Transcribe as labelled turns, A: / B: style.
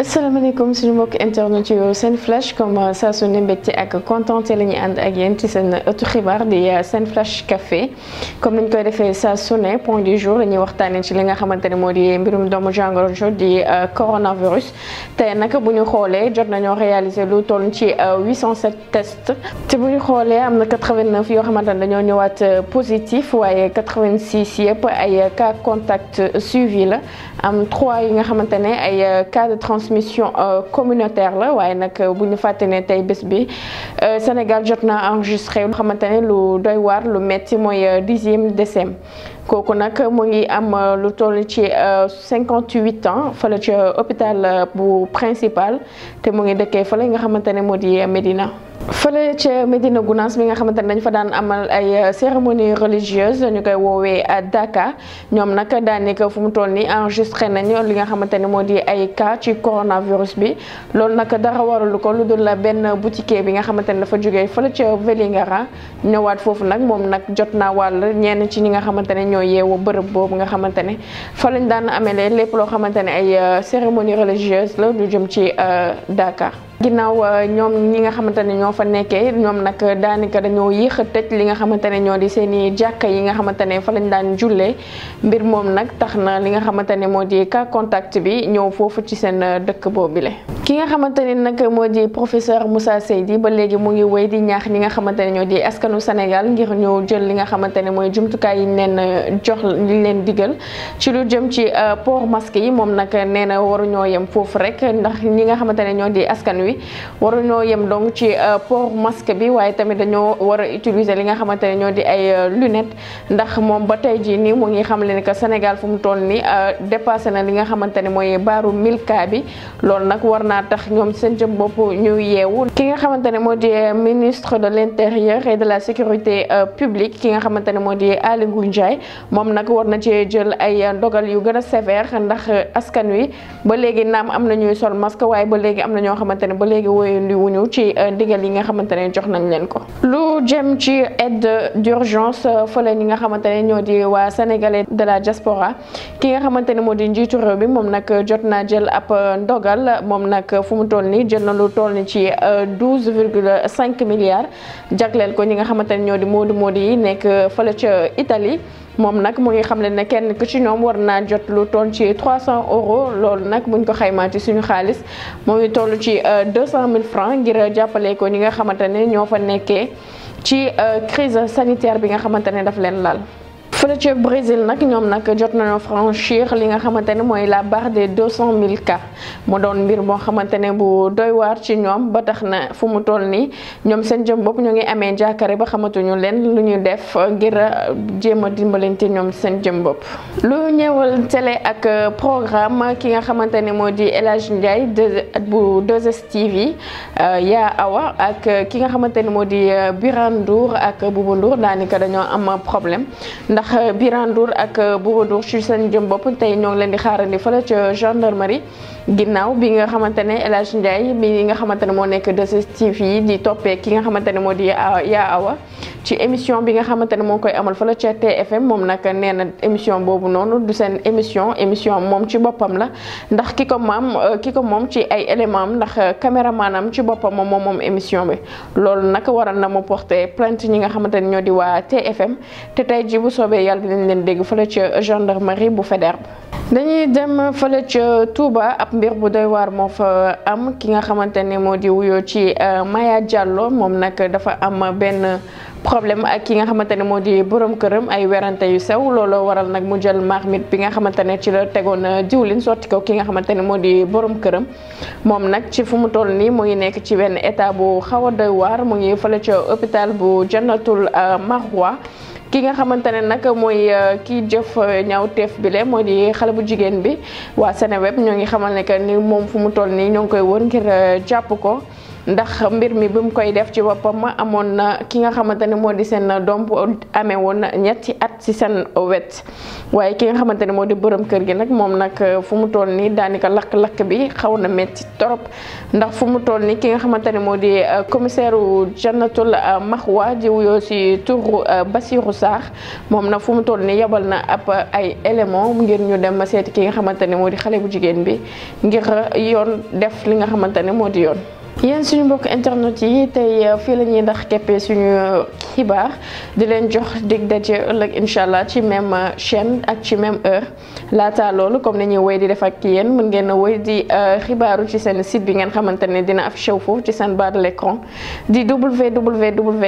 A: asalaamaaleykum suñu mbokk internet yu seen flash comme ça, euh, su ne mbégte ak contenté la ñuy ànd ak yéen ci seen ëttu xibaar di euh, seen flash café comme nañ koy defee ça, sonné point du jour dañuy waxtaanee ci li nga xamante ne moo di mbirum doomu jàngoro jo di euh, coronavirus tey nag bu ñu xoolee jot nañoo réaliser lu toll ci 807 tests te bu ñu xoolee am na 89 yoo xamante ne dañoo ñëwaat positif waaye 86 yëpp ay cas contact suivi la am 3 yi nga xamante ne ay cas de transport transmission euh, communautaire la waaye nag euh, bu ñu fàtte ne tey bés bi euh, Sénégal jot naa enregistré lu xamante ne lu doy waar lu metti mooy dixième décès kooku nag mu ngi am lu toll ci 58 ans fële ca hôpital bu principal te moi ngi dëkkee fële nga xamante matin moi di Medina. fële ca Médina Gounass bi nga xamante ne dañ fa daan amal ay euh, cérémonie religieuse ñu koy woowee euh, Daka ñoom nag daanaka fu mu toll nii enregistré nañu li nga xamante ni moo di ay cas ci coronavirus bi loolu nag dara waralu ko lu dul la benn boutiquier bi nga xamante ne dafa jógee fële ca Vélingara ñëwaat foofu nag moom nag jot naa wàll ñenn ci ñi nga xamante ne ñoo yeewu bërëb boobu nga xamante ne fa lañ daan amee lee lépp loo xamante ne ay euh, cérémonie religieuse la lu jëm ci Dakar. ginnaaw euh, ñoom ñi nga xamante ne ñoo fa nekkee ñoom nag daanaka dañoo yéex a tëj li nga xamante ne ñoo di seeni i jàkka yi nga xamante ne fa lañ daan jullee mbir moom nag tax na li nga xamante ne moo di cas contact bi ñëw foofu ci seen euh, dëkk boobile. ki nga xamante ne nag moo di professeur Moussa Seydi ba léegi mu ngi wéy di ñaax ñi nga xamante ne ñoo di askanu Sénégal ngir ñëw jël li nga xamante ne mooy jumtukaay yi leen euh, jox li leen digal ci lu jëm ci port masque yi moom nag nee na waruñoo yem foofu rek ndax ñi nga xamante ne ñoo di askan wi. wi waruñoo yem donc ci euh, port masque bi waaye tamit dañoo war a utiliser li nga xamante ne ñoo di ay euh, lunettes ndax moom ba tey jii nii mu ngi xam leen que Sénégal fu mu toll nii euh, dépassé na li nga xamante ne mooy baaru 1000 cas bi loolu nag war naa tax ñoom seen jëm bopp ñu yeewu ki nga xamante ne moo di ministre de l'intérieur et de la sécurité publique ki nga xamante ne moo di Aly Ngouille moom nag war na cee jël ay ndogal yu gën a sévère ndax askan wi ba léegi naam am na ñuy sol masque waaye ba léegi am na ñoo xamante boleh woyal li wuñu ci digal yi nga xamantene jox nañ leen ko lu jëm ci aide d'urgence eh, fele ñi nga xamantene ñoo di wa sénégalais de la diaspora ki nga xamantene mo di njitu rew bi mom nak jot jël ap eh, ndogal mom nak fu mu toll jël na lu toll ci 12,5 eh, milliards jaglel ko ñi nga xamantene ñoo di modu modi nek fele ci italie moom nag mu ngi xam leen ne kenn ku ci ñoom war naa jot lu tool ci 300 euros loolu nag buñ ko xaymaa ci suñu xaalis mu ngi toll ci 200 euh, 000 francs ngir jàppale ko ñi nga xamante ne ñoo fa nekkee ci euh, crise sanitaire bi nga xamante ne daf leen lal fële ca Brésil nag ñoom nag jot nañoo franchir li nga xamante ne mooy la barre des deux cent mille mu doon mbir moo xamante ne bu doy ci ñoom ba tax na fu mu toll nii ñoom seen jëm bopp ñu ngi amee jàkkaare ba xamatuñu leen lu ñu def ngir euh, jéem a dimbalante ñoom seen jëm bopp. lu ñëwal tele ak euh, programme ki nga xamante ne moo di El Hadj Ndiaye bu 2STV euh, yaa awa ak ki nga xamante ne moo di Birane Ndour ak Bouba Ndour daanaka dañoo am problème ndax. Euh, Birane Ndour ak euh, Bouba ci seen jëm bopp tey ñoo ngi leen di xaarandi fële ca gendarmerie ginnaaw bi nga xamante ne El Hadj Ndiaye mi nga xamante ne moo nekk 2STV yi di toppee ki nga xamante ne moo di Yaa Awa ci émission bi nga xamante ne moo koy amal fële ca TFM moom nag nee na émission boobu noonu du seen émission émission moom ci boppam la ndax ki ko maam euh, ki ko moom ci ay élément am ndax caméra maanaam ci boppam moom moom moom émission bi loolu nag waral na mu porter plainte ñi nga xamante ne ñoo di waa yàlla dinañ leen dégg fële ca gendarmerie bu Faidherbe dañuy dem fële ca tuuba ab mbir bu doy waar moo fa am ki nga xamante ne moo di wuyoo ci euh, Maya Diallo moom nag dafa am benn problème ak ki nga xamante ne moo di borom këram ay werante yu sew looloo waral nag mu jël marmite bi nga xamante ne ci la tegoon euh, diwlin sotti ko ki nga xamante ne moo di borom këram moom nag ci fu mu toll nii mu ngi nekk ci benn état bu xaw a doy waar mu ngi fële ca hôpital bu Jannatul euh, Mahwa ki nga xamante ne nag mooy euh, kii jëf euh, ñaw teef bi le mooy di xale bu jigéen bi waa Seneweb ñoo ngi xamal ne que ni moom fu mu toll nii ñoo ngi koy wër ngir euh, jàpp ko. ndax mbir mi bi mu koy def ci ma amoon na ki nga xamante ne moo di seen doom bu amee woon ñetti at ci seen wet waaye ki nga xamante ne moo di borom kër gi nag moom nag fu mu toll nii daanaka lakk-lakk bi xaw na métti torop ndax fu mu toll nii ki nga xamante ne moo di euh, commissaire u Jannatul euh, Maxwa di wuyoo ci turu euh, Basiru Saax moom nag fu mu toll nii yebal na ab ay élément ngir ñu dem seeti ki nga xamante ne moo di xale bu jigéen bi ngir yoon def li nga xamante ne moo di yoon yéen suñu mbokk internet yi tey euh, fii la ñuy ndax keppee suñu euh, xibaar di leen jox dig daje ëllëg incha allah ci même euh, chaîne ak ci même heure laata loolu comme de ñuy woy di def ak yéen mën ngeen woy di xibaaru ci seen site bi ngeen xamante dina affiché wu ci seen barre de l'écran di www